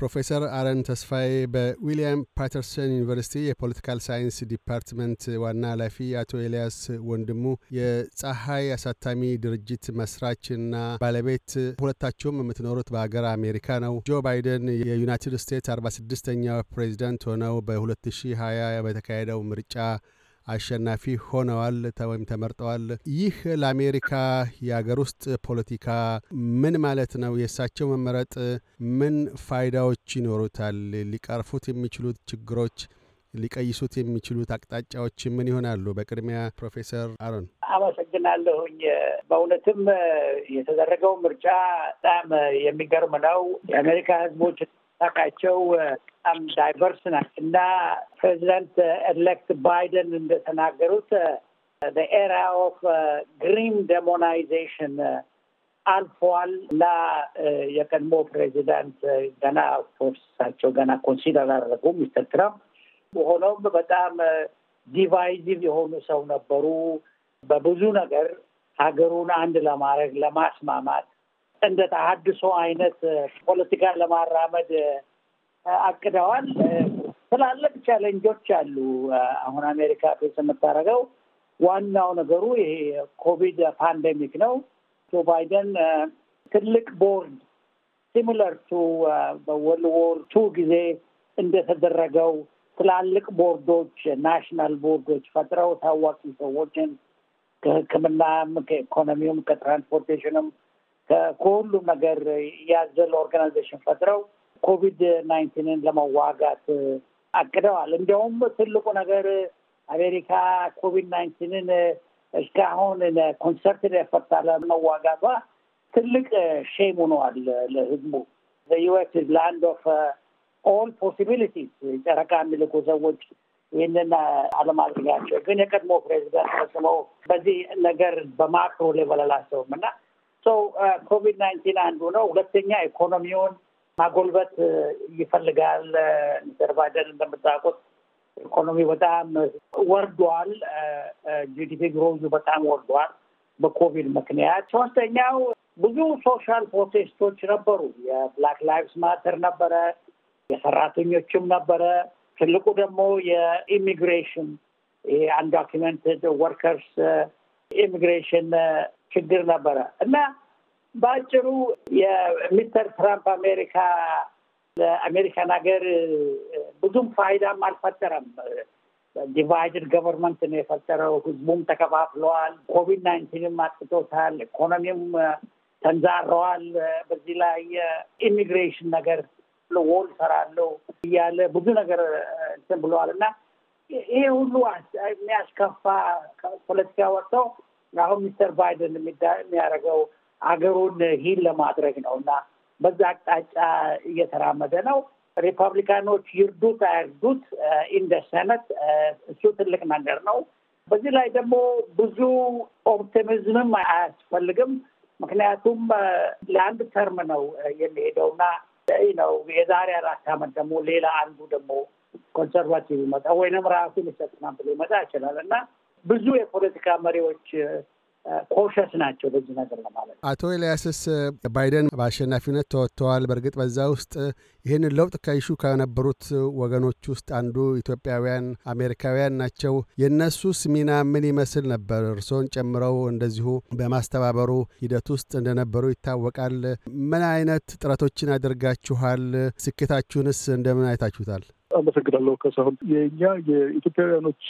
ፕሮፌሰር አረን ተስፋዬ በዊልያም ፓተርሰን ዩኒቨርሲቲ የፖለቲካል ሳይንስ ዲፓርትመንት ዋና ኃላፊ፣ አቶ ኤልያስ ወንድሙ የፀሐይ አሳታሚ ድርጅት መስራችና ባለቤት፣ ሁለታችሁም የምትኖሩት በሀገር አሜሪካ ነው። ጆ ባይደን የዩናይትድ ስቴትስ 46ኛው ፕሬዚዳንት ሆነው በ2020 በተካሄደው ምርጫ አሸናፊ ሆነዋል ወይም ተመርጠዋል። ይህ ለአሜሪካ የአገር ውስጥ ፖለቲካ ምን ማለት ነው? የእሳቸው መመረጥ ምን ፋይዳዎች ይኖሩታል? ሊቀርፉት የሚችሉት ችግሮች፣ ሊቀይሱት የሚችሉት አቅጣጫዎች ምን ይሆናሉ? በቅድሚያ ፕሮፌሰር አሮን አመሰግናለሁኝ። በእውነትም የተደረገው ምርጫ በጣም የሚገርም ነው። የአሜሪካ ህዝቦች ታውቃቸው በጣም ዳይቨርስ ናት እና ፕሬዚደንት ኤሌክት ባይደን እንደተናገሩት ኤራ ኦፍ ግሪን ደሞናይዜሽን አልፏል እና የቀድሞ ፕሬዚዳንት ገና ፎርሳቸው ገና ኮንሲደር አደረጉ ሚስተር ትራምፕ። ሆኖም በጣም ዲቫይዚቭ የሆኑ ሰው ነበሩ። በብዙ ነገር ሀገሩን አንድ ለማድረግ ለማስማማት እንደ ተሀድሶ አይነት ፖለቲካ ለማራመድ አቅደዋል። ትላልቅ ቻሌንጆች አሉ። አሁን አሜሪካ ፌስ የምታደርገው ዋናው ነገሩ ይሄ ኮቪድ ፓንዴሚክ ነው። ጆ ባይደን ትልቅ ቦርድ ሲሚለር ቱ በወርልድ ዎር ቱ ጊዜ እንደተደረገው ትላልቅ ቦርዶች ናሽናል ቦርዶች ፈጥረው ታዋቂ ሰዎችን ከሕክምናም ከኢኮኖሚውም ከትራንስፖርቴሽንም ከሁሉም ነገር ያዘለ ኦርጋናይዜሽን ፈጥረው ኮቪድ ናይንቲንን ለመዋጋት አቅደዋል። እንዲያውም ትልቁ ነገር አሜሪካ ኮቪድ ናይንቲንን እስካሁን ኮንሰርት ኤፈርት ለመዋጋቷ ትልቅ ሼም ሆነዋል ለህዝቡ። ዩኤስ ላንድ ኦፍ ኦል ፖሲቢሊቲስ ጨረቃ የሚልኩ ሰዎች ይህንን uh, አለማድረጋቸው ግን የቀድሞ ፕሬዚዳንት ፈጽመው በዚህ ነገር በማክሮ ሌቨል አላሰቡም እና ሰው ኮቪድ ናይንቲን አንዱ ነው። ሁለተኛ ኢኮኖሚውን ማጎልበት ይፈልጋል። ሚስተር ባይደን እንደምታውቁት ኢኮኖሚ በጣም ወርዷል። ጂዲፒ ግሮዙ በጣም ወርዷል በኮቪድ ምክንያት። ሶስተኛው ብዙ ሶሻል ፕሮቴስቶች ነበሩ። የብላክ ላይቭስ ማተር ነበረ፣ የሰራተኞችም ነበረ። ትልቁ ደግሞ የኢሚግሬሽን ይሄ አንዶኪመንትድ ወርከርስ ኢሚግሬሽን ችግር ነበረ እና በአጭሩ የሚስተር ትራምፕ አሜሪካ ለአሜሪካን ሀገር ብዙም ፋይዳም አልፈጠረም። ዲቫይድድ ገቨርንመንት ነው የፈጠረው። ህዝቡም ተከፋፍለዋል። ኮቪድ ናይንቲንም አጥቶታል ኢኮኖሚም ተንዛረዋል። በዚህ ላይ የኢሚግሬሽን ነገር ወል ሰራለው እያለ ብዙ ነገር እንትን ብለዋል እና ይሄ ሁሉ የሚያስከፋ ፖለቲካ ወጥተው አሁን ሚስተር ባይደን የሚያደርገው አገሩን ሂል ለማድረግ ነው እና በዛ አቅጣጫ እየተራመደ ነው። ሪፐብሊካኖች ይርዱት አይርዱት ኢንደ ሰነት እሱ ትልቅ ነገር ነው። በዚህ ላይ ደግሞ ብዙ ኦፕቲሚዝምም አያስፈልግም። ምክንያቱም ለአንድ ተርም ነው የሚሄደው እና ነው የዛሬ አራት ዓመት ደግሞ ሌላ አንዱ ደግሞ ኮንሰርቫቲቭ ይመጣ ወይንም ራሱ ሚስተር ትራምፕ ሊመጣ ይችላል እና ብዙ የፖለቲካ መሪዎች ኮሸስ ናቸው በዚህ ነገር ለማለት ነው። አቶ ኤልያስስ ባይደን በአሸናፊነት ተወጥተዋል። በእርግጥ በዛ ውስጥ ይህንን ለውጥ ከይሹ ከነበሩት ወገኖች ውስጥ አንዱ ኢትዮጵያውያን አሜሪካውያን ናቸው። የእነሱስ ሚና ምን ይመስል ነበር? እርስዎን ጨምረው እንደዚሁ በማስተባበሩ ሂደት ውስጥ እንደነበሩ ይታወቃል። ምን አይነት ጥረቶችን አድርጋችኋል? ስኬታችሁንስ እንደምን አይታችሁታል? አመሰግናለሁ ከሳሁን። የእኛ የኢትዮጵያውያኖች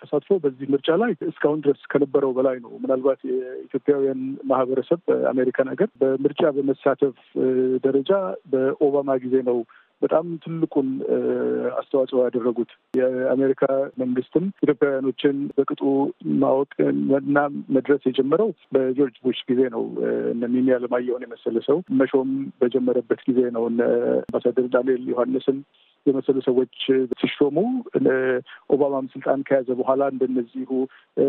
ተሳትፎ በዚህ ምርጫ ላይ እስካሁን ድረስ ከነበረው በላይ ነው። ምናልባት የኢትዮጵያውያን ማህበረሰብ በአሜሪካን ሀገር በምርጫ በመሳተፍ ደረጃ በኦባማ ጊዜ ነው በጣም ትልቁን አስተዋጽኦ ያደረጉት። የአሜሪካ መንግስትም ኢትዮጵያውያኖችን በቅጡ ማወቅ እና መድረስ የጀመረው በጆርጅ ቡሽ ጊዜ ነው። እነ ሚሚ አለማየሁን የመሰለ ሰው መሾም በጀመረበት ጊዜ ነው። እነ አምባሳደር ዳንኤል ዮሐንስን የመሰሉ ሰዎች ሲሾሙ ኦባማም ስልጣን ከያዘ በኋላ እንደነዚሁ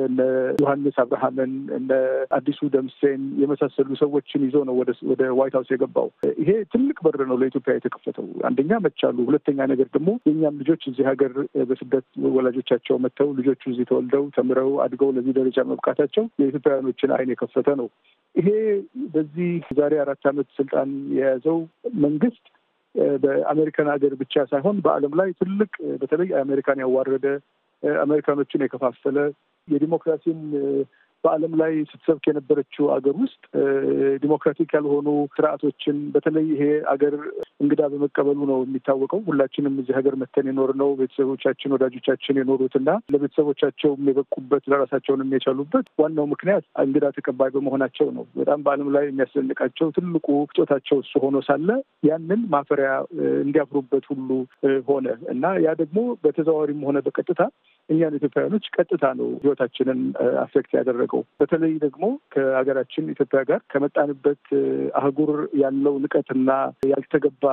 እነ ዮሐንስ አብርሃምን እነ አዲሱ ደምሴን የመሳሰሉ ሰዎችን ይዞ ነው ወደ ዋይት ሀውስ የገባው። ይሄ ትልቅ በር ነው ለኢትዮጵያ የተከፈተው። አንደኛ መቻሉ፣ ሁለተኛ ነገር ደግሞ የእኛም ልጆች እዚህ ሀገር በስደት ወላጆቻቸው መጥተው ልጆቹ እዚህ ተወልደው ተምረው አድገው ለዚህ ደረጃ መብቃታቸው የኢትዮጵያውያኖችን አይን የከፈተ ነው። ይሄ በዚህ ዛሬ አራት ዓመት ስልጣን የያዘው መንግስት በአሜሪካን ሀገር ብቻ ሳይሆን በዓለም ላይ ትልቅ በተለይ አሜሪካን ያዋረደ አሜሪካኖችን የከፋፈለ የዲሞክራሲን በዓለም ላይ ስትሰብክ የነበረችው አገር ውስጥ ዲሞክራቲክ ያልሆኑ ስርዓቶችን በተለይ ይሄ አገር እንግዳ በመቀበሉ ነው የሚታወቀው። ሁላችንም እዚህ ሀገር መተን የኖር ነው ቤተሰቦቻችን፣ ወዳጆቻችን የኖሩትና ለቤተሰቦቻቸውም የበቁበት ለራሳቸውንም የቻሉበት ዋናው ምክንያት እንግዳ ተቀባይ በመሆናቸው ነው። በጣም በዓለም ላይ የሚያስደንቃቸው ትልቁ ስጦታቸው እሱ ሆኖ ሳለ ያንን ማፈሪያ እንዲያፍሩበት ሁሉ ሆነ እና ያ ደግሞ በተዘዋዋሪም ሆነ በቀጥታ እኛን ኢትዮጵያውያኖች ቀጥታ ነው ህይወታችንን አፌክት ያደረገው። በተለይ ደግሞ ከሀገራችን ኢትዮጵያ ጋር ከመጣንበት አህጉር ያለው ንቀትና ያልተገባ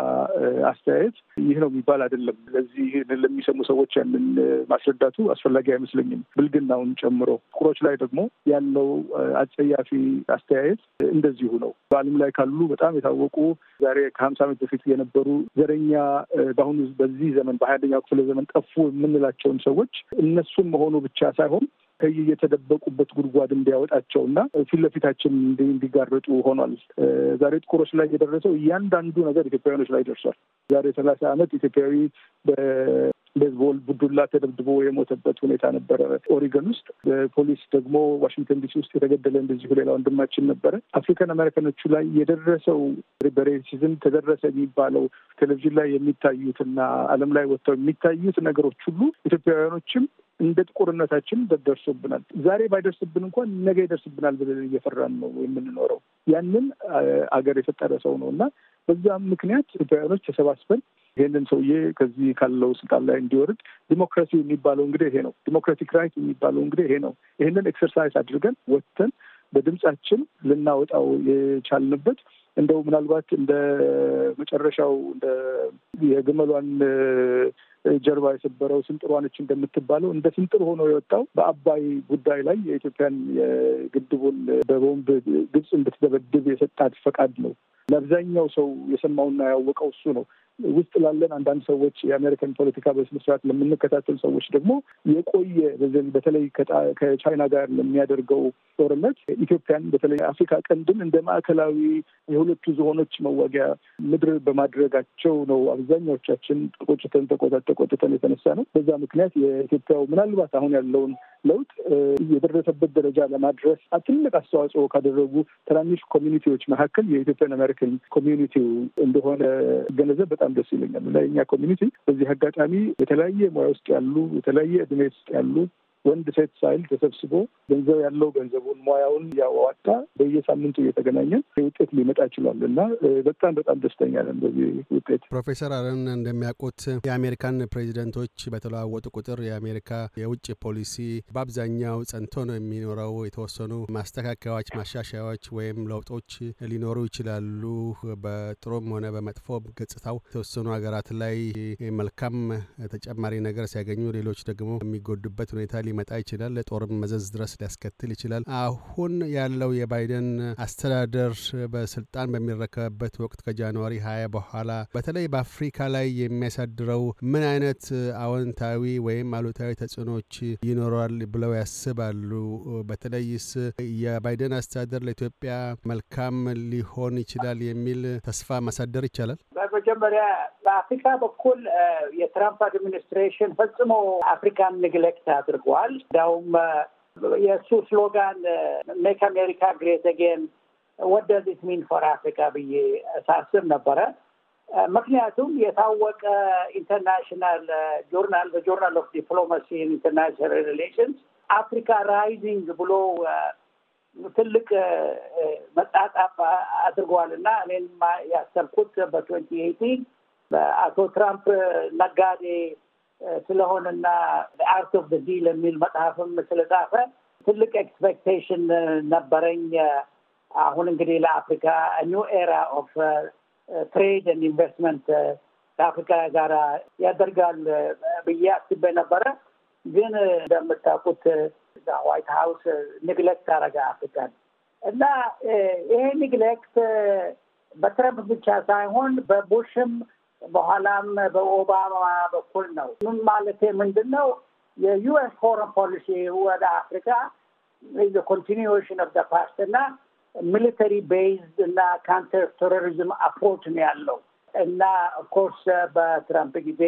አስተያየት ይህ ነው የሚባል አይደለም። ለዚህ ለሚሰሙ ሰዎች ያንን ማስረዳቱ አስፈላጊ አይመስለኝም። ብልግናውን ጨምሮ ቁሮች ላይ ደግሞ ያለው አጸያፊ አስተያየት እንደዚሁ ነው። በዓለም ላይ ካሉ በጣም የታወቁ ዛሬ ከሀምሳ ዓመት በፊት የነበሩ ዘረኛ በአሁኑ በዚህ ዘመን በሀያ አንደኛው ክፍለ ዘመን ጠፉ የምንላቸውን ሰዎች እነሱም መሆኑ ብቻ ሳይሆን ከይ የተደበቁበት ጉድጓድ እንዲያወጣቸው እና ፊት ለፊታችን እንዲጋረጡ ሆኗል። ዛሬ ጥቁሮች ላይ የደረሰው እያንዳንዱ ነገር ኢትዮጵያውያኖች ላይ ደርሷል። ዛሬ ሰላሳ ዓመት ኢትዮጵያዊ ቤዝቦል ቡድላ ተደብድቦ የሞተበት ሁኔታ ነበረ ኦሪገን ውስጥ። ፖሊስ ደግሞ ዋሽንግተን ዲሲ ውስጥ የተገደለ እንደዚሁ ሌላ ወንድማችን ነበረ። አፍሪካን አሜሪካኖቹ ላይ የደረሰው በሬሲዝም ተደረሰ የሚባለው ቴሌቪዥን ላይ እና ዓለም ላይ ወጥተው የሚታዩት ነገሮች ሁሉ ኢትዮጵያውያኖችም እንደ ጥቁርነታችን ደርሶብናል። ዛሬ ባይደርስብን እንኳን ነገ ይደርስብናል ብለን እየፈራን ነው የምንኖረው። ያንን አገር የፈጠረ ሰው ነው እና በዛም ምክንያት ኢትዮጵያውያኖች ተሰባስበን ይህንን ሰውዬ ከዚህ ካለው ስልጣን ላይ እንዲወርድ ዲሞክራሲ የሚባለው እንግዲህ ይሄ ነው። ዲሞክራቲክ ራይት የሚባለው እንግዲህ ይሄ ነው። ይህንን ኤክሰርሳይዝ አድርገን ወጥተን በድምጻችን ልናወጣው የቻልንበት እንደው ምናልባት እንደ መጨረሻው እንደ የግመሏን ጀርባ የሰበረው ስንጥሯነች እንደምትባለው እንደ ስንጥር ሆኖ የወጣው በአባይ ጉዳይ ላይ የኢትዮጵያን የግድቡን በቦምብ ግብፅ እንድትደበድብ የሰጣት ፈቃድ ነው። ለአብዛኛው ሰው የሰማውና ያወቀው እሱ ነው። ውስጥ ላለን አንዳንድ ሰዎች የአሜሪካን ፖለቲካ በስነስርዓት ለምንከታተል ሰዎች ደግሞ የቆየ በተለይ ከቻይና ጋር ለሚያደርገው ጦርነት ኢትዮጵያን በተለይ አፍሪካ ቀንድን እንደ ማዕከላዊ የሁለቱ ዝሆኖች መዋጊያ ምድር በማድረጋቸው ነው አብዛኛዎቻችን ተቆጭተን ተቆጣ ተቆጥተን የተነሳ ነው። በዛ ምክንያት የኢትዮጵያው ምናልባት አሁን ያለውን ለውጥ የደረሰበት ደረጃ ለማድረስ ትልቅ አስተዋጽኦ ካደረጉ ትናንሽ ኮሚኒቲዎች መካከል የኢትዮጵያን አሜሪካን ኮሚኒቲው እንደሆነ ገነዘብ በጣም ደስ ይለኛል እና የኛ ኮሚኒቲ በዚህ አጋጣሚ የተለያየ ሙያ ውስጥ ያሉ የተለያየ እድሜ ውስጥ ያሉ ወንድ ሴት ሳይል ተሰብስቦ ገንዘብ ያለው ገንዘቡን ሙያውን እያዋጣ በየሳምንቱ እየተገናኘን ውጤት ሊመጣ ይችላል እና በጣም በጣም ደስተኛ ነን በዚህ ውጤት። ፕሮፌሰር አረን እንደሚያውቁት የአሜሪካን ፕሬዚደንቶች በተለዋወጡ ቁጥር የአሜሪካ የውጭ ፖሊሲ በአብዛኛው ጸንቶ ነው የሚኖረው። የተወሰኑ ማስተካከያዎች፣ ማሻሻያዎች ወይም ለውጦች ሊኖሩ ይችላሉ። በጥሩም ሆነ በመጥፎ ገጽታው የተወሰኑ ሀገራት ላይ መልካም ተጨማሪ ነገር ሲያገኙ፣ ሌሎች ደግሞ የሚጎዱበት ሁኔታ ሊመጣ ይችላል፣ ለጦርም መዘዝ ድረስ ሊያስከትል ይችላል። አሁን ያለው የባይደን አስተዳደር በስልጣን በሚረከብበት ወቅት ከጃንዋሪ ሀያ በኋላ በተለይ በአፍሪካ ላይ የሚያሳድረው ምን አይነት አዎንታዊ ወይም አሉታዊ ተጽዕኖች ይኖራል ብለው ያስባሉ? በተለይስ የባይደን አስተዳደር ለኢትዮጵያ መልካም ሊሆን ይችላል የሚል ተስፋ ማሳደር ይቻላል? መጀመሪያ በአፍሪካ በኩል የትራምፕ አድሚኒስትሬሽን ፈጽሞ አፍሪካን ንግለክት አድርጓል። እንዲያውም የእሱ ስሎጋን ሜክ አሜሪካ ግሬት አጌን ወደ ሚን ፎር አፍሪካ ብዬ ሳስብ ነበረ። ምክንያቱም የታወቀ ኢንተርናሽናል ጆርናል በጆርናል ኦፍ ዲፕሎማሲ ኢንተርናሽናል ሪሌሽንስ አፍሪካ ራይዚንግ ብሎ ትልቅ መጣጣፍ አድርገዋል እና እኔም ያሰብኩት በትወንቲ ኤይቲን አቶ ትራምፕ ነጋዴ ስለሆነና አርት ኦፍ ዲል የሚል መጽሐፍም ስለጻፈ ትልቅ ኤክስፔክቴሽን ነበረኝ። አሁን እንግዲህ ለአፍሪካ ኒው ኤራ ኦፍ ትሬድ ኤንድ ኢንቨስትመንት ከአፍሪካ ጋር ያደርጋል ብዬ አስቤ ነበረ። ግን እንደምታውቁት እዛ ዋይት ሀውስ ንግለክት አረጋ አፍሪካን እና ይሄ ንግለክት በትረምፕ ብቻ ሳይሆን በቡሽም በኋላም በኦባማ በኩል ነው። ምን ማለት ምንድን ነው? የዩኤስ ፎረን ፖሊሲ ወደ አፍሪካ ኮንቲኒዌሽን ኦፍ ደ ፓስት እና ሚሊተሪ ቤዝድ እና ካንተር ቴሮሪዝም አፕሮች ነው ያለው እና ኦፍኮርስ በትራምፕ ጊዜ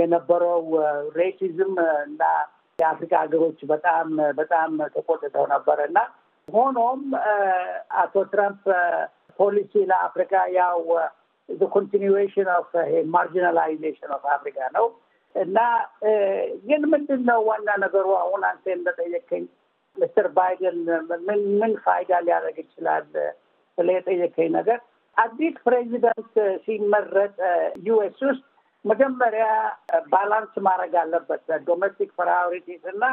የነበረው ሬሲዝም እና የአፍሪካ ሀገሮች በጣም በጣም ተቆጥተው ነበር እና ሆኖም አቶ ትራምፕ ፖሊሲ ለአፍሪካ ያው ኮንቲኒዌሽን ኦፍ ማርጂናላይዜሽን ኦፍ አፍሪካ ነው እና ግን ምንድን ነው ዋና ነገሩ? አሁን አንተ እንደጠየከኝ ምስተር ባይደን ምን ምን ፋይዳ ሊያደርግ ይችላል ስለ የጠየከኝ ነገር አዲስ ፕሬዚደንት ሲመረጥ ዩኤስ ውስጥ መጀመሪያ ባላንስ uh, ማድረግ አለበት ዶሜስቲክ uh, ፕራዮሪቲስ እና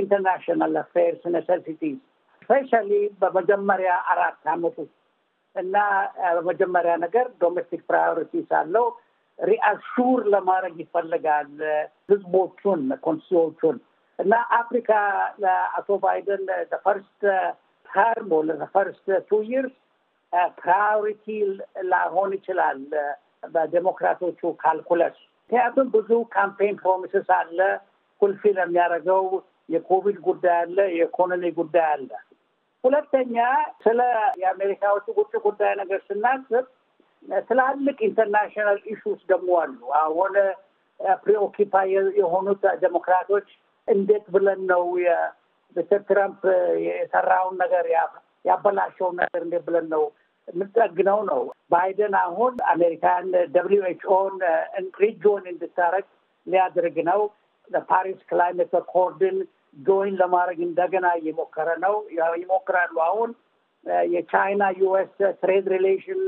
ኢንተርናሽናል አፌርስ ኔሴሲቲስ ስፔሻሊ በመጀመሪያ አራት አመቱ እና uh, በመጀመሪያ ነገር ዶሜስቲክ ፕራዮሪቲስ አለው ሪአሹር ለማድረግ ይፈልጋል ህዝቦቹን ኮንስቲዎቹን እና አፍሪካ ለአቶ ባይደን ፈርስት ተርሞ ለፈርስት ቱ ይርስ ፕራዮሪቲ ላሆን ይችላል በዴሞክራቶቹ ካልኩለስ። ምክንያቱም ብዙ ካምፔን ፕሮሚስስ አለ፣ ኩልፊ የሚያደርገው የኮቪድ ጉዳይ አለ፣ የኢኮኖሚ ጉዳይ አለ። ሁለተኛ ስለ የአሜሪካዎቹ ውጭ ጉዳይ ነገር ስናስብ ትላልቅ ኢንተርናሽናል ኢሹስ ደግሞ አሉ። አሁን ፕሪኦኪፓይ የሆኑት ዴሞክራቶች እንዴት ብለን ነው ሚስተር ትራምፕ የሰራውን ነገር ያበላሸውን ነገር እንዴት ብለን ነው የምትጠግነው ነው። ባይደን አሁን አሜሪካን ደብሊዩ ኤችኦን ሪጆን እንድታረግ ሊያደርግ ነው። ፓሪስ ክላይሜት አኮርድን ጆይን ለማድረግ እንደገና እየሞከረ ነው ይሞክራሉ። አሁን የቻይና ዩኤስ ትሬድ ሪሌሽን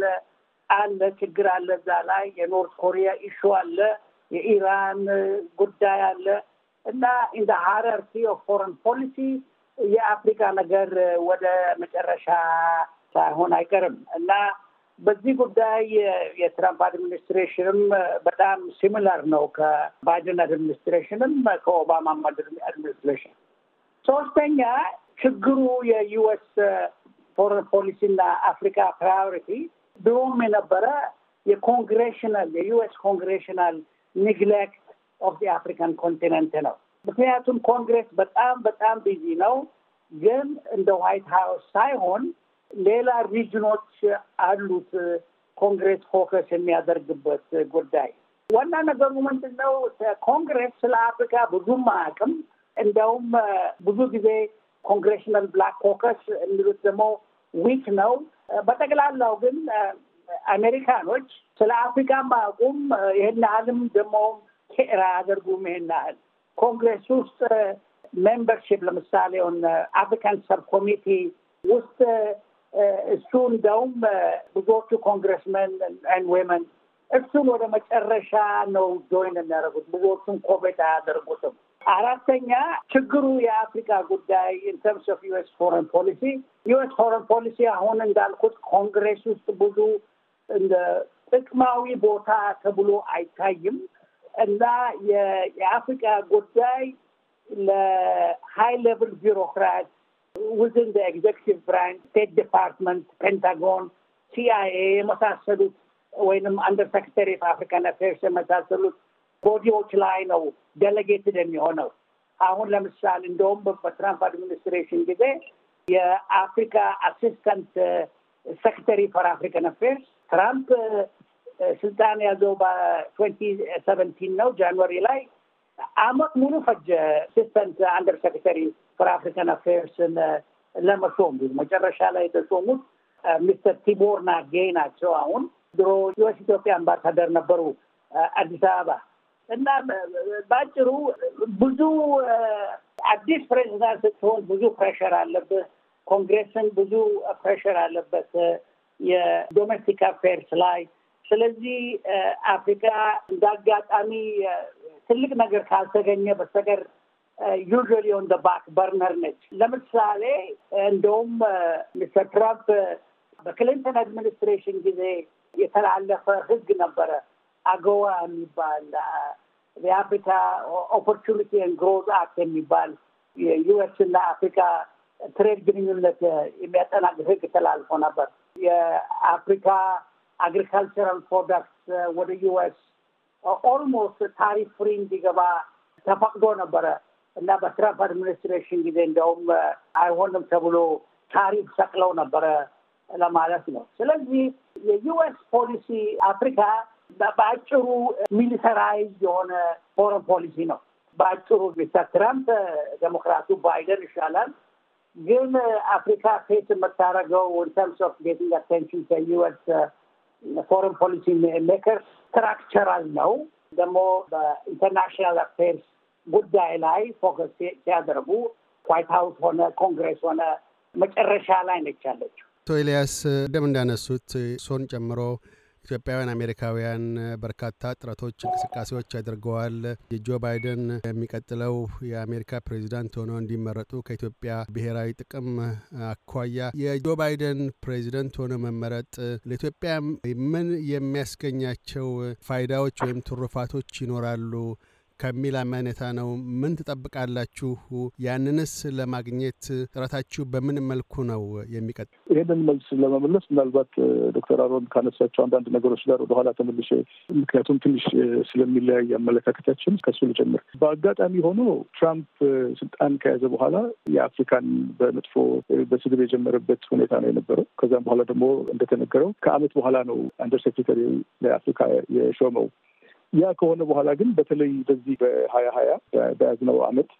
አለ፣ ችግር አለ። እዛ ላይ የኖርት ኮሪያ ኢሹ አለ፣ የኢራን ጉዳይ አለ እና ኢን ዘ ሃይራርኪ ኦፍ ፎረን ፖሊሲ የአፍሪካ ነገር ወደ መጨረሻ ሳይሆን አይቀርም እና በዚህ ጉዳይ የትራምፕ አድሚኒስትሬሽንም በጣም ሲሚላር ነው ከባይደን አድሚኒስትሬሽንም ከኦባማ አድሚኒስትሬሽን። ሶስተኛ ችግሩ የዩኤስ ፎረን ፖሊሲና አፍሪካ ፕራዮሪቲ ድሮም የነበረ የኮንግሬሽናል የዩኤስ ኮንግሬሽናል ኒግሌክት ኦፍ አፍሪካን ኮንቲነንት ነው። ምክንያቱም ኮንግሬስ በጣም በጣም ቢዚ ነው፣ ግን እንደ ዋይት ሀውስ ሳይሆን ሌላ ሪጅኖች አሉት ኮንግሬስ ፎከስ የሚያደርግበት ጉዳይ። ዋና ነገሩ ምንድን ነው? ኮንግሬስ ስለ አፍሪካ ብዙም አያውቅም። እንደውም ብዙ ጊዜ ኮንግሬሽናል ብላክ ኮከስ የሚሉት ደግሞ ዊክ ነው። በጠቅላላው ግን አሜሪካኖች ስለ አፍሪካ ማቁም ይህን ያህልም ደግሞ ኬር አያደርጉም። ይህን ያህል ኮንግሬስ ውስጥ ሜምበርሺፕ ለምሳሌ አፍሪካን ሰብ ኮሚቴ ውስጥ Uh, እሱ እንደውም uh, ብዙዎቹ ኮንግረስመን ኤንድ ወመን እሱን ወደ መጨረሻ ነው ጆይን የሚያደርጉት። ብዙዎቹን ኮቬት አያደርጉትም። አራተኛ ችግሩ የአፍሪካ ጉዳይ ኢንተርምስ ኦፍ ዩኤስ ፎረን ፖሊሲ ዩኤስ ፎረን ፖሊሲ አሁን እንዳልኩት ኮንግሬስ ውስጥ ብዙ እንደ ጥቅማዊ ቦታ ተብሎ አይታይም እና የአፍሪካ ጉዳይ ለሀይ ሌቭል ቢሮክራት within the executive ብራንች ስቴት ዲፓርትመንት፣ ፔንታጎን፣ ሲአይኤ የመሳሰሉት ወይም አንደር ሰክሬታሪ ኦፍ አፍሪካን አፌርስ የመሳሰሉት ቦዲዎች ላይ ነው ደለጌትድ የሚሆነው። አሁን ለምሳሌ እንደውም በትራምፕ አድሚኒስትሬሽን ጊዜ የአፍሪካ አሲስታንት ሰክሬታሪ ፎር አፍሪካን አፌርስ ትራምፕ uh, ስልጣን ያዘው በትዌንቲ ሰቨንቲን ነው ጃንዋሪ ላይ አመት ሙሉ ፈጀ አሲስታንት አንደር ሰክሬታሪ ፎር አፍሪካን አፌርስን ለመሾም መጨረሻ ላይ የተሾሙት ሚስተር ቲቦር ናጌ ናቸው። አሁን ድሮ ዩኤስ ኢትዮጵያ አምባሳደር ነበሩ አዲስ አበባ እና በአጭሩ ብዙ አዲስ ፕሬዚዳንት ስትሆን ብዙ ፕሬሽር አለብህ። ኮንግሬስን ብዙ ፕሬሽር አለበት የዶሜስቲክ አፌርስ ላይ። ስለዚህ አፍሪካ እንደ አጋጣሚ ትልቅ ነገር ካልተገኘ በስተቀር ዩዥሊ ኦን ደ ባክ በርነር ነች። ለምሳሌ uh, እንደውም ሚስተር uh, ትራምፕ uh, በክሊንተን አድሚኒስትሬሽን ጊዜ የተላለፈ ህግ ነበረ አገዋ የሚባል የአፍሪካ ኦፖርቹኒቲ ኤንድ ግሮዝ አክት የሚባል የዩኤስ እና አፍሪካ ትሬድ ግንኙነት የሚያጠናቅ ህግ ተላልፎ ነበር። የአፍሪካ አግሪካልቸራል ፕሮዳክት ወደ ዩኤስ ኦልሞስት ታሪፍ ፍሪ እንዲገባ ተፈቅዶ ነበረ። እና በትራምፕ አድሚኒስትሬሽን ጊዜ እንዲያውም አይሆንም ተብሎ ታሪፍ ሰቅለው ነበረ ለማለት ነው። ስለዚህ የዩኤስ ፖሊሲ አፍሪካ በአጭሩ ሚሊተራይዝ የሆነ ፎረን ፖሊሲ ነው። በአጭሩ ሚስተር ትራምፕ ዴሞክራቱ ባይደን ይሻላል፣ ግን አፍሪካ ፌት የምታደርገው ኢንተርምስ ኦፍ ጌቲንግ አቴንሽን ከዩኤስ ፎረን ፖሊሲ ሜከር ስትራክቸራል ነው ደግሞ በኢንተርናሽናል አፌርስ ጉዳይ ላይ ፎከስ ሲያደርጉ ዋይት ሀውስ ሆነ ኮንግሬስ ሆነ መጨረሻ ላይ ነች ያለችው። አቶ ኤልያስ እንደም እንዳነሱት እሶን ጨምሮ ኢትዮጵያውያን አሜሪካውያን በርካታ ጥረቶች፣ እንቅስቃሴዎች አድርገዋል። የጆ ባይደን የሚቀጥለው የአሜሪካ ፕሬዚዳንት ሆነው እንዲመረጡ ከኢትዮጵያ ብሔራዊ ጥቅም አኳያ የጆ ባይደን ፕሬዚደንት ሆነ መመረጥ ለኢትዮጵያ ምን የሚያስገኛቸው ፋይዳዎች ወይም ትሩፋቶች ይኖራሉ? ከሚል አመኔታ ነው። ምን ትጠብቃላችሁ? ያንንስ ለማግኘት ጥረታችሁ በምን መልኩ ነው የሚቀጥ ይህንን መልስ ለመመለስ ምናልባት ዶክተር አሮን ካነሳቸው አንዳንድ ነገሮች ጋር ወደኋላ ተመልሼ ምክንያቱም ትንሽ ስለሚለያይ አመለካከታችን ከሱ ልጀምር። በአጋጣሚ ሆኖ ትራምፕ ስልጣን ከያዘ በኋላ የአፍሪካን በመጥፎ በስድብ የጀመረበት ሁኔታ ነው የነበረው። ከዛም በኋላ ደግሞ እንደተነገረው ከአመት በኋላ ነው አንደር ሴክሬታሪ ለአፍሪካ የሾመው ያ ከሆነ በኋላ ግን በተለይ በዚህ በሀያ ሀያ በያዝነው አመት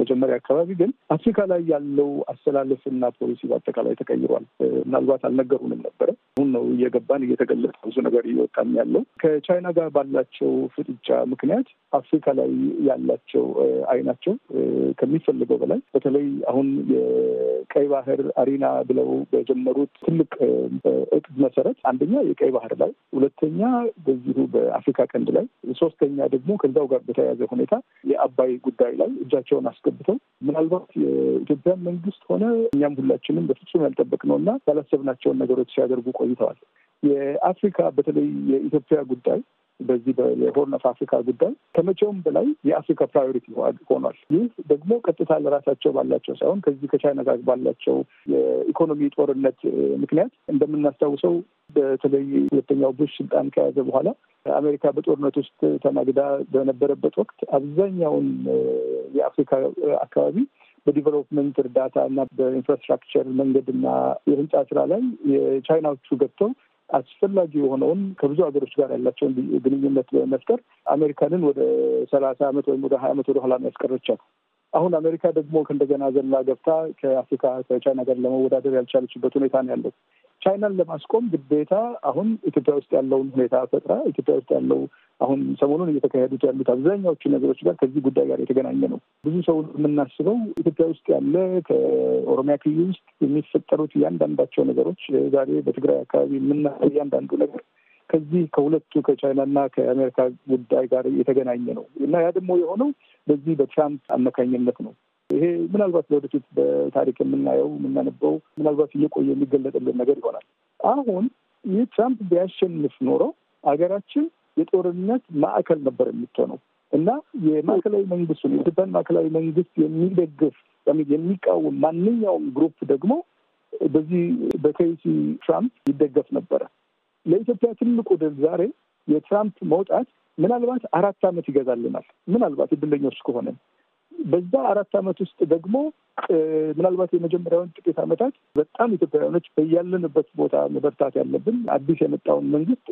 መጀመሪያ አካባቢ ግን አፍሪካ ላይ ያለው አስተላለፍ እና ፖሊሲ በአጠቃላይ ተቀይሯል። ምናልባት አልነገሩንም ነበረ። አሁን ነው እየገባን እየተገለጠ ብዙ ነገር እየወጣም ያለው ከቻይና ጋር ባላቸው ፍጥጫ ምክንያት አፍሪካ ላይ ያላቸው አይናቸው ከሚፈልገው በላይ በተለይ አሁን የቀይ ባህር አሪና ብለው በጀመሩት ትልቅ እቅድ መሰረት አንደኛ የቀይ ባህር ላይ፣ ሁለተኛ በዚሁ በአፍሪካ ቀንድ ላይ፣ ሶስተኛ ደግሞ ከዛው ጋር በተያያዘ ሁኔታ የአባይ ጉዳይ ላይ እጃቸውን አስገብተው ምናልባት የኢትዮጵያ መንግስት ሆነ እኛም ሁላችንም በፍጹም ያልጠበቅነው እና ያላሰብናቸውን ነገሮች ሲያደርጉ ቆይተዋል። የአፍሪካ በተለይ የኢትዮጵያ ጉዳይ በዚህ የሆርን ኦፍ አፍሪካ ጉዳይ ከመቼውም በላይ የአፍሪካ ፕራዮሪቲ ሆኗል። ይህ ደግሞ ቀጥታ ለራሳቸው ባላቸው ሳይሆን ከዚህ ከቻይና ጋር ባላቸው የኢኮኖሚ ጦርነት ምክንያት እንደምናስታውሰው በተለይ ሁለተኛው ቡሽ ስልጣን ከያዘ በኋላ አሜሪካ በጦርነት ውስጥ ተናግዳ በነበረበት ወቅት አብዛኛውን የአፍሪካ አካባቢ በዲቨሎፕመንት እርዳታ እና በኢንፍራስትራክቸር መንገድና የህንፃ ስራ ላይ የቻይናዎቹ ገብተው አስፈላጊ የሆነውን ከብዙ ሀገሮች ጋር ያላቸውን ግንኙነት በመፍጠር አሜሪካንን ወደ ሰላሳ አመት ወይም ወደ ሀያ አመት ወደ ኋላ ያስቀረቻል። አሁን አሜሪካ ደግሞ ከእንደገና ዘላ ገብታ ከአፍሪካ ከቻይና ጋር ለመወዳደር ያልቻለችበት ሁኔታ ነው ያለው። ቻይናን ለማስቆም ግዴታ አሁን ኢትዮጵያ ውስጥ ያለውን ሁኔታ ፈጥራ ኢትዮጵያ ውስጥ ያለው አሁን ሰሞኑን እየተካሄዱት ያሉት አብዛኛዎቹ ነገሮች ጋር ከዚህ ጉዳይ ጋር የተገናኘ ነው። ብዙ ሰው የምናስበው ኢትዮጵያ ውስጥ ያለ ከኦሮሚያ ክልል ውስጥ የሚፈጠሩት እያንዳንዳቸው ነገሮች ዛሬ በትግራይ አካባቢ የምናየው እያንዳንዱ ነገር ከዚህ ከሁለቱ ከቻይናና ከአሜሪካ ጉዳይ ጋር የተገናኘ ነው እና ያ ደግሞ የሆነው በዚህ በትራምፕ አማካኝነት ነው። ይሄ ምናልባት ለወደፊት በታሪክ የምናየው የምናነበው ምናልባት እየቆየ የሚገለጥልን ነገር ይሆናል። አሁን ይህ ትራምፕ ቢያሸንፍ ኖሮ ሀገራችን የጦርነት ማዕከል ነበር የምትሆነው እና የማዕከላዊ መንግስቱን የኢትዮጵያን ማዕከላዊ መንግስት የሚደግፍ የሚቃወም ማንኛውም ግሩፕ ደግሞ በዚህ በከይሲ ትራምፕ ይደገፍ ነበረ። ለኢትዮጵያ ትልቁ ድል ዛሬ የትራምፕ መውጣት ምናልባት አራት ዓመት ይገዛልናል፣ ምናልባት እድለኞች ከሆነን በዛ አራት ዓመት ውስጥ ደግሞ ምናልባት የመጀመሪያውን ጥቂት ዓመታት በጣም ኢትዮጵያውያኖች በያለንበት ቦታ መበርታት ያለብን አዲስ የመጣውን መንግስት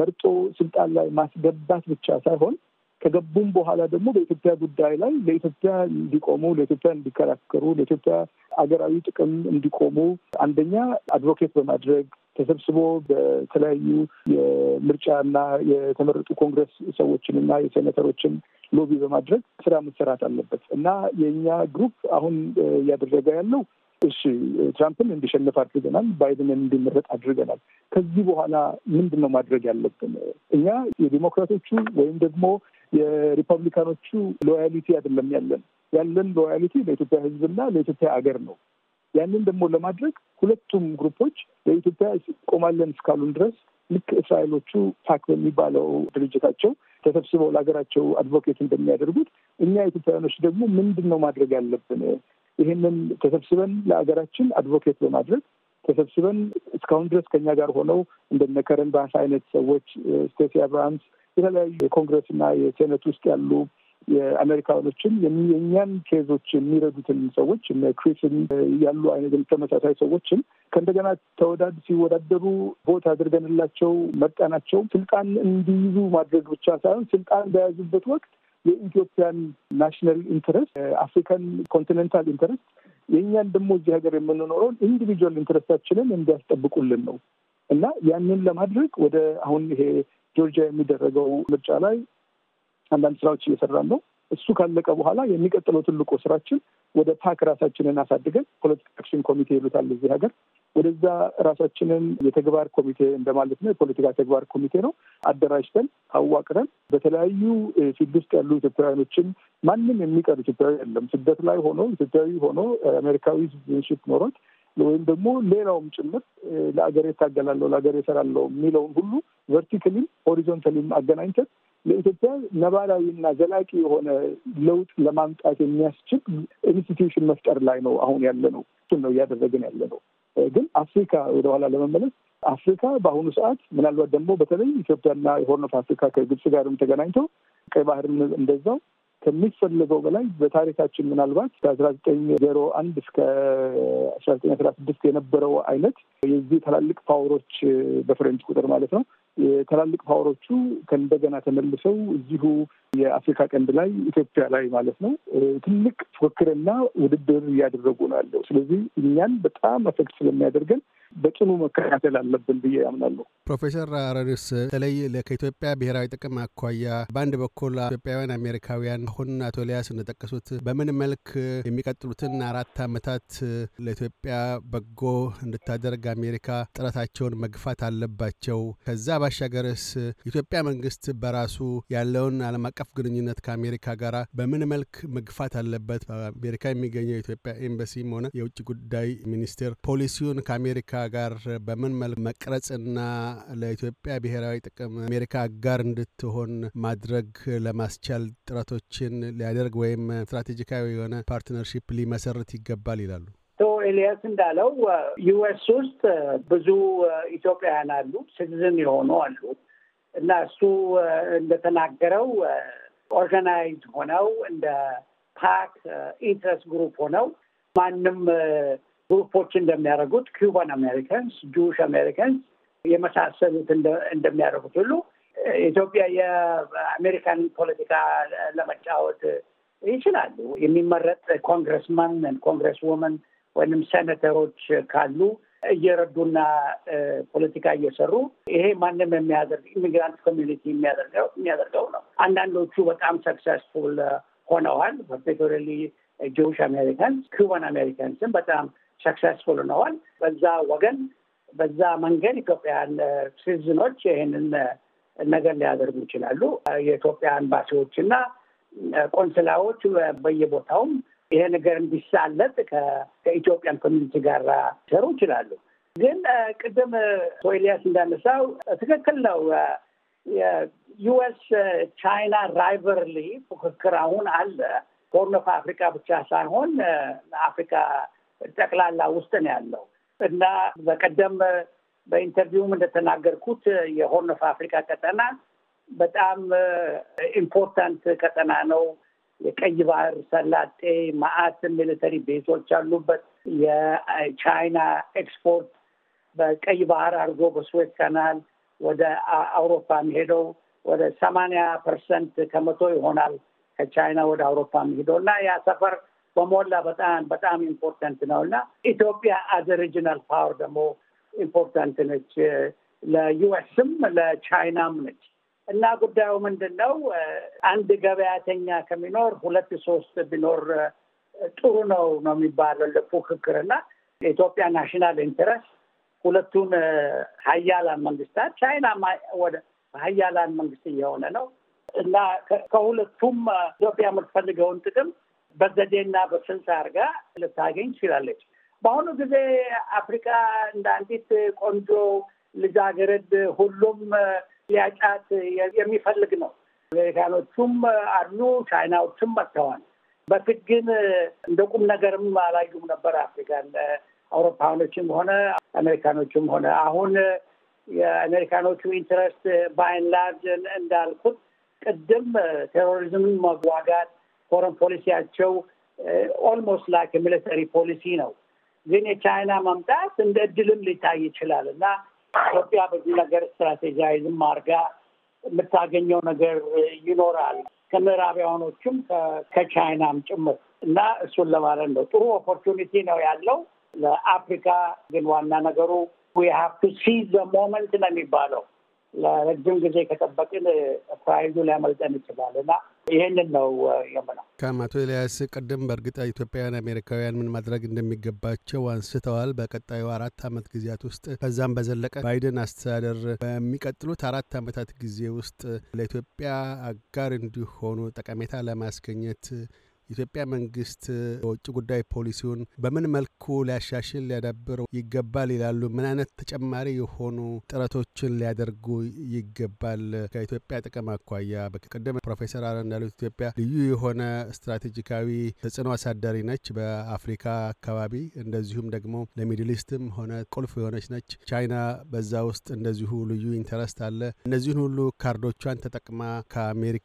መርጦ ስልጣን ላይ ማስገባት ብቻ ሳይሆን ከገቡም በኋላ ደግሞ በኢትዮጵያ ጉዳይ ላይ ለኢትዮጵያ እንዲቆሙ፣ ለኢትዮጵያ እንዲከራከሩ፣ ለኢትዮጵያ አገራዊ ጥቅም እንዲቆሙ አንደኛ አድቮኬት በማድረግ ተሰብስቦ በተለያዩ የምርጫና የተመረጡ ኮንግረስ ሰዎችንና የሴኔተሮችን ሎቢ በማድረግ ስራ መሰራት አለበት እና የእኛ ግሩፕ አሁን እያደረገ ያለው እሺ ትራምፕን እንዲሸንፍ አድርገናል፣ ባይደንን እንዲመረጥ አድርገናል። ከዚህ በኋላ ምንድን ነው ማድረግ ያለብን? እኛ የዲሞክራቶቹ ወይም ደግሞ የሪፐብሊካኖቹ ሎያሊቲ አይደለም ያለን ያለን ሎያሊቲ ለኢትዮጵያ ሕዝብና ለኢትዮጵያ አገር ነው። ያንን ደግሞ ለማድረግ ሁለቱም ግሩፖች ለኢትዮጵያ ቆማለን እስካሉን ድረስ ልክ እስራኤሎቹ ፓክ በሚባለው ድርጅታቸው ተሰብስበው ለሀገራቸው አድቮኬት እንደሚያደርጉት እኛ ኢትዮጵያውያኖች ደግሞ ምንድን ነው ማድረግ ያለብን ይህንን ተሰብስበን ለሀገራችን አድቮኬት በማድረግ ተሰብስበን እስካሁን ድረስ ከኛ ጋር ሆነው እንደነ ከረን ባስ አይነት ሰዎች ስቴሲ አብርሃምስ የተለያዩ የኮንግረስና የሴኔት ውስጥ ያሉ የአሜሪካኖችን የእኛን ኬዞች የሚረዱትን ሰዎች ክሪስን ያሉ አይነት ተመሳሳይ ሰዎችን ከእንደገና ተወዳድ ሲወዳደሩ ቦት አድርገንላቸው መርጠናቸው ስልጣን እንዲይዙ ማድረግ ብቻ ሳይሆን ስልጣን በያዙበት ወቅት የኢትዮጵያን ናሽናል ኢንትረስት፣ አፍሪካን ኮንቲኔንታል ኢንትረስት የእኛን ደግሞ እዚህ ሀገር የምንኖረውን ኢንዲቪጁዋል ኢንትረስታችንን እንዲያስጠብቁልን ነው እና ያንን ለማድረግ ወደ አሁን ይሄ ጆርጂያ የሚደረገው ምርጫ ላይ አንዳንድ ስራዎች እየሰራን ነው። እሱ ካለቀ በኋላ የሚቀጥለው ትልቁ ስራችን ወደ ፓክ ራሳችንን አሳድገን ፖለቲካ አክሽን ኮሚቴ ይሉታል እዚህ ሀገር ወደዛ ራሳችንን የተግባር ኮሚቴ እንደማለት ነው። የፖለቲካ ተግባር ኮሚቴ ነው። አደራጅተን አዋቅረን በተለያዩ ፊልድ ውስጥ ያሉ ኢትዮጵያውያኖችን ማንም የሚቀር ኢትዮጵያዊ የለም። ስደት ላይ ሆኖ ኢትዮጵያዊ ሆኖ አሜሪካዊ ሲቲዝንሺፕ ኖሮት ወይም ደግሞ ሌላውም ጭምር ለአገሬ እታገላለሁ፣ ለአገሬ እሰራለሁ የሚለውን ሁሉ ቨርቲካሊም ሆሪዞንታሊም አገናኝተን ለኢትዮጵያ ነባራዊና ዘላቂ የሆነ ለውጥ ለማምጣት የሚያስችል ኢንስቲትዩሽን መፍጠር ላይ ነው አሁን ያለ ነው። እሱን ነው እያደረግን ያለ ነው። ግን አፍሪካ ወደኋላ ለመመለስ አፍሪካ በአሁኑ ሰዓት ምናልባት ደግሞ በተለይ ኢትዮጵያና የሆርን ኦፍ አፍሪካ ከግብጽ ጋርም ተገናኝተው ቀይ ባህርም እንደዛው ከሚፈልገው በላይ በታሪካችን ምናልባት ከአስራ ዘጠኝ ዜሮ አንድ እስከ አስራ ዘጠኝ አስራ ስድስት የነበረው አይነት የዚህ ትላልቅ ፓወሮች በፍሬንች ቁጥር ማለት ነው ትላልቅ ፓወሮቹ ከእንደገና ተመልሰው እዚሁ የአፍሪካ ቀንድ ላይ ኢትዮጵያ ላይ ማለት ነው ትልቅ ፉክክርና ውድድር እያደረጉ ነው ያለው። ስለዚህ እኛን በጣም አፌክት ስለሚያደርገን በጽኑ መከታተል አለብን ብዬ ያምናለሁ። ፕሮፌሰር አረሪስ በተለይ ከኢትዮጵያ ብሔራዊ ጥቅም አኳያ በአንድ በኩል ኢትዮጵያውያን አሜሪካውያን አሁን አቶ ኤልያስ እንደጠቀሱት በምን መልክ የሚቀጥሉትን አራት ዓመታት ለኢትዮጵያ በጎ እንድታደርግ አሜሪካ ጥረታቸውን መግፋት አለባቸው ከዛ ባሻገርስ ኢትዮጵያ መንግስት በራሱ ያለውን ዓለም አቀፍ ግንኙነት ከአሜሪካ ጋር በምን መልክ መግፋት አለበት? በአሜሪካ የሚገኘው የኢትዮጵያ ኤምባሲም ሆነ የውጭ ጉዳይ ሚኒስቴር ፖሊሲውን ከአሜሪካ ጋር በምን መልክ መቅረጽና ለኢትዮጵያ ብሔራዊ ጥቅም አሜሪካ ጋር እንድትሆን ማድረግ ለማስቻል ጥረቶችን ሊያደርግ ወይም ስትራቴጂካዊ የሆነ ፓርትነርሺፕ ሊመሰርት ይገባል ይላሉ? ኤልያስ እንዳለው ዩኤስ ውስጥ ብዙ ኢትዮጵያውያን አሉ፣ ሲቲዝን የሆኑ አሉ እና እሱ እንደተናገረው ኦርጋናይዝ ሆነው እንደ ፓክ ኢንትረስት ግሩፕ ሆነው ማንም ግሩፖች እንደሚያደርጉት ኪውባን አሜሪካንስ፣ ጁሽ አሜሪካንስ የመሳሰሉት እንደሚያደርጉት ሁሉ ኢትዮጵያ የአሜሪካን ፖለቲካ ለመጫወት ይችላሉ። የሚመረጥ ኮንግረስማን ኮንግረስ ወመን ወይም ሴኔተሮች ካሉ እየረዱና ፖለቲካ እየሰሩ ይሄ ማንም የሚያደርግ ኢሚግራንት ኮሚኒቲ የሚያደርገው የሚያደርገው ነው። አንዳንዶቹ በጣም ሰክሰስፉል ሆነዋል። ፐርቲኩላርሊ ጂዊሽ አሜሪካንስ፣ ኩባን አሜሪካንስም በጣም ሰክሰስፉል ሆነዋል። በዛ ወገን በዛ መንገድ ኢትዮጵያን ሲቲዝኖች ይህንን ነገር ሊያደርጉ ይችላሉ። የኢትዮጵያ አምባሲዎች እና ቆንስላዎች በየቦታውም ይሄ ነገር እንዲሳለጥ ከኢትዮጵያን ኮሚኒቲ ጋር ሊሰሩ ይችላሉ። ግን ቅድም ሶኤልያስ እንዳነሳው ትክክል ነው። የዩኤስ ቻይና ራይቨርሊ ፉክክር አሁን አለ። ሆርን ኦፍ አፍሪካ ብቻ ሳይሆን አፍሪካ ጠቅላላ ውስጥ ነው ያለው እና በቀደም በኢንተርቪውም እንደተናገርኩት የሆርን ኦፍ አፍሪካ ቀጠና በጣም ኢምፖርታንት ቀጠና ነው። የቀይ ባህር ሰላጤ ማአት ሚሊተሪ ቤቶች ያሉበት የቻይና ኤክስፖርት በቀይ ባህር አድርጎ በስዌት ካናል ወደ አውሮፓ የሚሄደው ወደ ሰማንያ ፐርሰንት ከመቶ ይሆናል ከቻይና ወደ አውሮፓ የሚሄደው እና ያ ሰፈር በሞላ በጣም በጣም ኢምፖርታንት ነው እና ኢትዮጵያ አዘ ሪጂናል ፓወር ደግሞ ኢምፖርታንት ነች። ለዩኤስም ለቻይናም ነች። እና ጉዳዩ ምንድን ነው? አንድ ገበያተኛ ከሚኖር ሁለት ሶስት ቢኖር ጥሩ ነው ነው የሚባለው ፉክክር እና የኢትዮጵያ ናሽናል ኢንተረስት ሁለቱን ሀያላን መንግስታት ቻይና ወደ ሀያላን መንግስት እየሆነ ነው እና ከሁለቱም ኢትዮጵያ የምትፈልገውን ጥቅም በዘዴና በስልት አድርጋ ልታገኝ ትችላለች። በአሁኑ ጊዜ አፍሪካ እንደ አንዲት ቆንጆ ልጃገረድ ሁሉም ሊያጫት የሚፈልግ ነው። አሜሪካኖቹም አሉ፣ ቻይናዎችም መጥተዋል። በፊት ግን እንደ ቁም ነገርም አላዩም ነበር አፍሪካን አውሮፓኖችም ሆነ አሜሪካኖችም ሆነ አሁን የአሜሪካኖቹ ኢንትረስት ባይንላርጅ እንዳልኩት ቅድም ቴሮሪዝምን መዋጋት ፎረን ፖሊሲያቸው ኦልሞስት ላይክ ሚሊተሪ ፖሊሲ ነው። ግን የቻይና መምጣት እንደ እድልም ሊታይ ይችላል እና ኢትዮጵያ በዚህ ነገር ስትራቴጂይዝም አድርጋ የምታገኘው ነገር ይኖራል ከምዕራቢያኖቹም ከቻይናም ጭምር እና እሱን ለማለት ነው። ጥሩ ኦፖርቹኒቲ ነው ያለው ለአፍሪካ ግን ዋና ነገሩ ዊ ቱ ዘ ሞመንት ነው የሚባለው ለረጅም ጊዜ ከጠበቅን ፕራይዙ ሊያመልጠን ይችላል እና ይህንን ነው የምለው። ከም አቶ ኤልያስ ቅድም በእርግጥ ኢትዮጵያውያን አሜሪካውያን ምን ማድረግ እንደሚገባቸው አንስተዋል። በቀጣዩ አራት ዓመት ጊዜያት ውስጥ ከዛም በዘለቀ ባይደን አስተዳደር በሚቀጥሉት አራት ዓመታት ጊዜ ውስጥ ለኢትዮጵያ አጋር እንዲሆኑ ጠቀሜታ ለማስገኘት የኢትዮጵያ መንግስት የውጭ ጉዳይ ፖሊሲውን በምን መልኩ ሊያሻሽል ሊያዳብር ይገባል ይላሉ? ምን አይነት ተጨማሪ የሆኑ ጥረቶችን ሊያደርጉ ይገባል? ከኢትዮጵያ ጥቅም አኳያ በቅድም ፕሮፌሰር አረ እንዳሉት ኢትዮጵያ ልዩ የሆነ ስትራቴጂካዊ ተጽዕኖ አሳዳሪ ነች በአፍሪካ አካባቢ፣ እንደዚሁም ደግሞ ለሚድል ኢስትም ሆነ ቁልፍ የሆነች ነች። ቻይና በዛ ውስጥ እንደዚሁ ልዩ ኢንተረስት አለ። እነዚህን ሁሉ ካርዶቿን ተጠቅማ ከአሜሪካ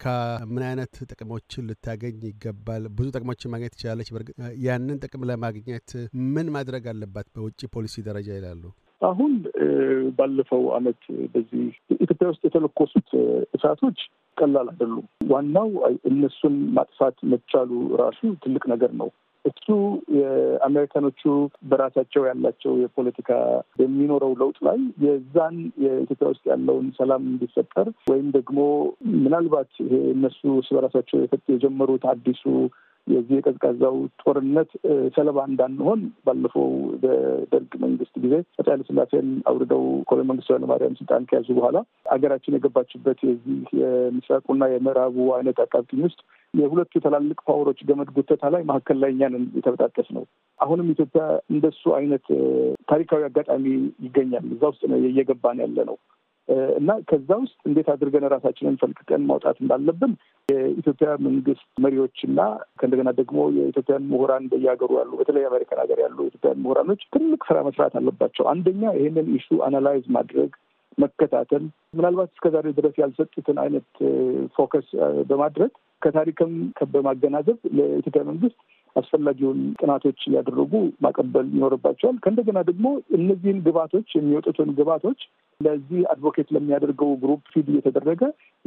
ምን አይነት ጥቅሞችን ልታገኝ ይገባል? ብዙ ጥቅሞችን ማግኘት ትችላለች። በእርግጥ ያንን ጥቅም ለማግኘት ምን ማድረግ አለባት በውጭ ፖሊሲ ደረጃ ይላሉ? አሁን ባለፈው አመት በዚህ ኢትዮጵያ ውስጥ የተለኮሱት እሳቶች ቀላል አይደሉም። ዋናው እነሱን ማጥፋት መቻሉ ራሱ ትልቅ ነገር ነው። እሱ የአሜሪካኖቹ በራሳቸው ያላቸው የፖለቲካ የሚኖረው ለውጥ ላይ የዛን የኢትዮጵያ ውስጥ ያለውን ሰላም እንዲፈጠር ወይም ደግሞ ምናልባት ይሄ እነሱ በራሳቸው የጀመሩት አዲሱ የዚህ የቀዝቃዛው ጦርነት ሰለባ እንዳንሆን ባለፈው በደርግ መንግስት ጊዜ አፄ ኃይለሥላሴን አውርደው ኮሎኔል መንግስቱ ኃይለማርያም ስልጣን ከያዙ በኋላ አገራችን የገባችበት የዚህ የምስራቁና የምዕራቡ አይነት አጣብቂኝ ውስጥ የሁለቱ ትላልቅ ፓወሮች ገመድ ጉተታ ላይ መካከል ላይ እኛን የተበጣጠስ ነው። አሁንም ኢትዮጵያ እንደሱ አይነት ታሪካዊ አጋጣሚ ይገኛል። እዛ ውስጥ ነው እየገባን ያለ ነው። እና ከዛ ውስጥ እንዴት አድርገን ራሳችንን ፈልቅቀን ማውጣት እንዳለብን የኢትዮጵያ መንግስት መሪዎችና ከእንደገና ደግሞ የኢትዮጵያን ምሁራን በየሀገሩ ያሉ በተለይ አሜሪካን ሀገር ያሉ የኢትዮጵያን ምሁራኖች ትልቅ ስራ መስራት አለባቸው። አንደኛ ይህንን ኢሹ አናላይዝ ማድረግ መከታተል፣ ምናልባት እስከዛሬ ድረስ ያልሰጡትን አይነት ፎከስ በማድረግ ከታሪክም በማገናዘብ ለኢትዮጵያ መንግስት አስፈላጊውን ጥናቶች እያደረጉ ማቀበል ይኖርባቸዋል። ከእንደገና ደግሞ እነዚህን ግባቶች የሚወጡትን ግባቶች ለዚህ አድቮኬት ለሚያደርገው ግሩፕ ፊድ እየተደረገ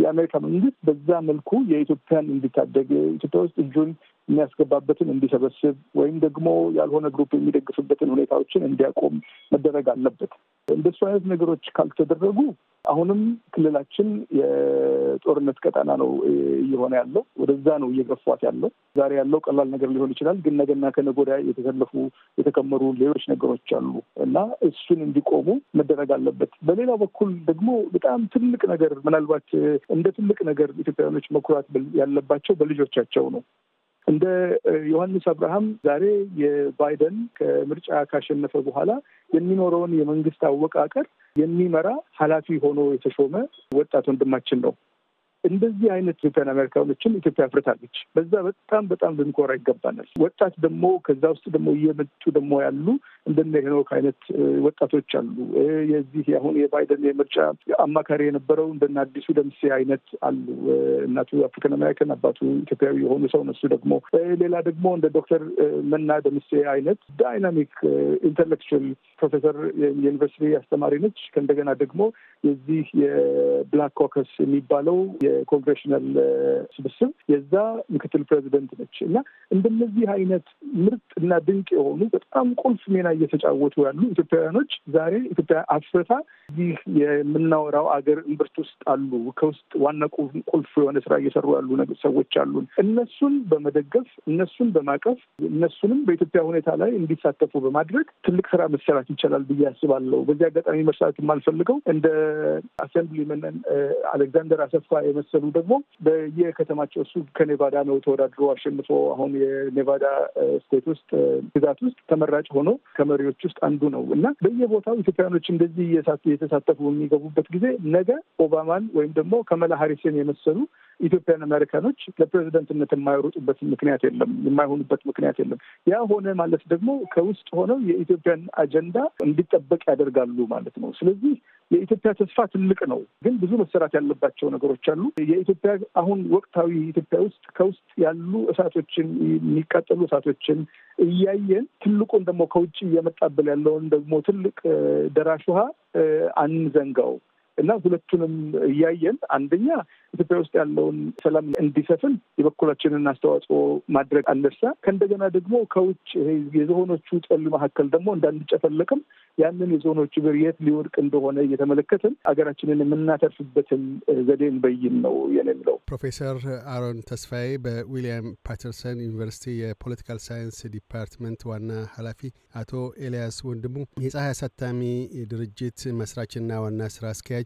የአሜሪካ መንግስት በዛ መልኩ የኢትዮጵያን እንዲታደግ ኢትዮጵያ ውስጥ እጁን የሚያስገባበትን እንዲሰበስብ ወይም ደግሞ ያልሆነ ግሩፕ የሚደግፍበትን ሁኔታዎችን እንዲያቆም መደረግ አለበት። እንደሱ አይነት ነገሮች ካልተደረጉ አሁንም ክልላችን የጦርነት ቀጠና ነው እየሆነ ያለው። ወደዛ ነው እየገፏት ያለው። ዛሬ ያለው ቀላል ነገር ሊሆን ይችላል፣ ግን ነገና ከነገ ወዲያ የተሰለፉ የተከመሩ ሌሎች ነገሮች አሉ እና እሱን እንዲቆሙ መደረግ አለበት። በሌላ በኩል ደግሞ በጣም ትልቅ ነገር ምናልባት እንደ ትልቅ ነገር ኢትዮጵያውያኖች መኩራት ያለባቸው በልጆቻቸው ነው። እንደ ዮሐንስ አብርሃም ዛሬ የባይደን ከምርጫ ካሸነፈ በኋላ የሚኖረውን የመንግስት አወቃቀር የሚመራ ኃላፊ ሆኖ የተሾመ ወጣት ወንድማችን ነው። እንደዚህ አይነት ኢትዮጵያን አሜሪካኖችን ኢትዮጵያ አፍርታለች። በዛ በጣም በጣም ልንኮራ ይገባናል። ወጣት ደግሞ ከዛ ውስጥ ደግሞ እየመጡ ደግሞ ያሉ እንደነ ሄኖክ አይነት ወጣቶች አሉ። የዚህ አሁን የባይደን የምርጫ አማካሪ የነበረው እንደነ አዲሱ ደምሴ አይነት አሉ። እናቱ አፍሪካን አሜሪካን አባቱ ኢትዮጵያዊ የሆኑ ሰው ነሱ ደግሞ ሌላ ደግሞ እንደ ዶክተር መና ደምሴ አይነት ዳይናሚክ ኢንተሌክቹዋል ፕሮፌሰር የዩኒቨርሲቲ አስተማሪ ነች። ከእንደገና ደግሞ የዚህ የብላክ ኮከስ የሚባለው የኮንግሬሽናል ስብስብ የዛ ምክትል ፕሬዚደንት ነች እና እንደነዚህ አይነት ምርጥ እና ድንቅ የሆኑ በጣም ቁልፍ ሚና እየተጫወቱ ያሉ ኢትዮጵያውያኖች ዛሬ ኢትዮጵያ አፍርታ ይህ የምናወራው አገር እምብርት ውስጥ አሉ። ከውስጥ ዋና ቁልፍ የሆነ ስራ እየሰሩ ያሉ ሰዎች አሉ። እነሱን በመደገፍ እነሱን በማቀፍ እነሱንም በኢትዮጵያ ሁኔታ ላይ እንዲሳተፉ በማድረግ ትልቅ ስራ መሰራት ይቻላል ብዬ አስባለሁ። በዚህ አጋጣሚ መርሳት የማልፈልገው እንደ አሰምብሊመን አሌክዛንደር አሰፋ የመሰሉ ደግሞ በየከተማቸው እሱ ከኔቫዳ ነው ተወዳድሮ አሸንፎ አሁን የኔቫዳ ስቴት ውስጥ ግዛት ውስጥ ተመራጭ ሆኖ ከመሪዎች ውስጥ አንዱ ነው እና በየቦታው ኢትዮጵያኖች እንደዚህ የተሳተፉ የሚገቡበት ጊዜ ነገ ኦባማን ወይም ደግሞ ከመላ ሀሪስን የመሰሉ ኢትዮጵያን አሜሪካኖች ለፕሬዚደንትነት የማይሮጡበት ምክንያት የለም፣ የማይሆኑበት ምክንያት የለም። ያ ሆነ ማለት ደግሞ ከውስጥ ሆነው የኢትዮጵያን አጀንዳ እንዲጠበቅ ያደርጋሉ ማለት ነው። ስለዚህ የኢትዮጵያ ተስፋ ትልቅ ነው፣ ግን ብዙ መሰራት ያለባቸው ነገሮች አሉ። የኢትዮጵያ አሁን ወቅታዊ ኢትዮጵያ ውስጥ ከውስጥ ያሉ እሳቶችን የሚቃጠሉ እሳቶችን እያየን ትልቁን ደግሞ ከውጭ እየመጣብን ያለውን ደግሞ ትልቅ ደራሽ ውሃ አንዘንጋው። እና ሁለቱንም እያየን አንደኛ ኢትዮጵያ ውስጥ ያለውን ሰላም እንዲሰፍን የበኩላችንን አስተዋጽኦ ማድረግ አንርሳ። ከእንደገና ደግሞ ከውጭ የዝሆኖቹ ጠል መካከል ደግሞ እንዳንጨፈለቅም ያንን የዝሆኖቹ ብር የት ሊወድቅ እንደሆነ እየተመለከትን አገራችንን የምናተርፍበትን ዘዴን በይን ነው የኔ ፕሮፌሰር አሮን ተስፋዬ በዊሊያም ፓተርሰን ዩኒቨርሲቲ የፖለቲካል ሳይንስ ዲፓርትመንት ዋና ኃላፊ፣ አቶ ኤልያስ ወንድሙ የፀሐይ አሳታሚ ድርጅት መስራችና ዋና ስራ አስኪያጅ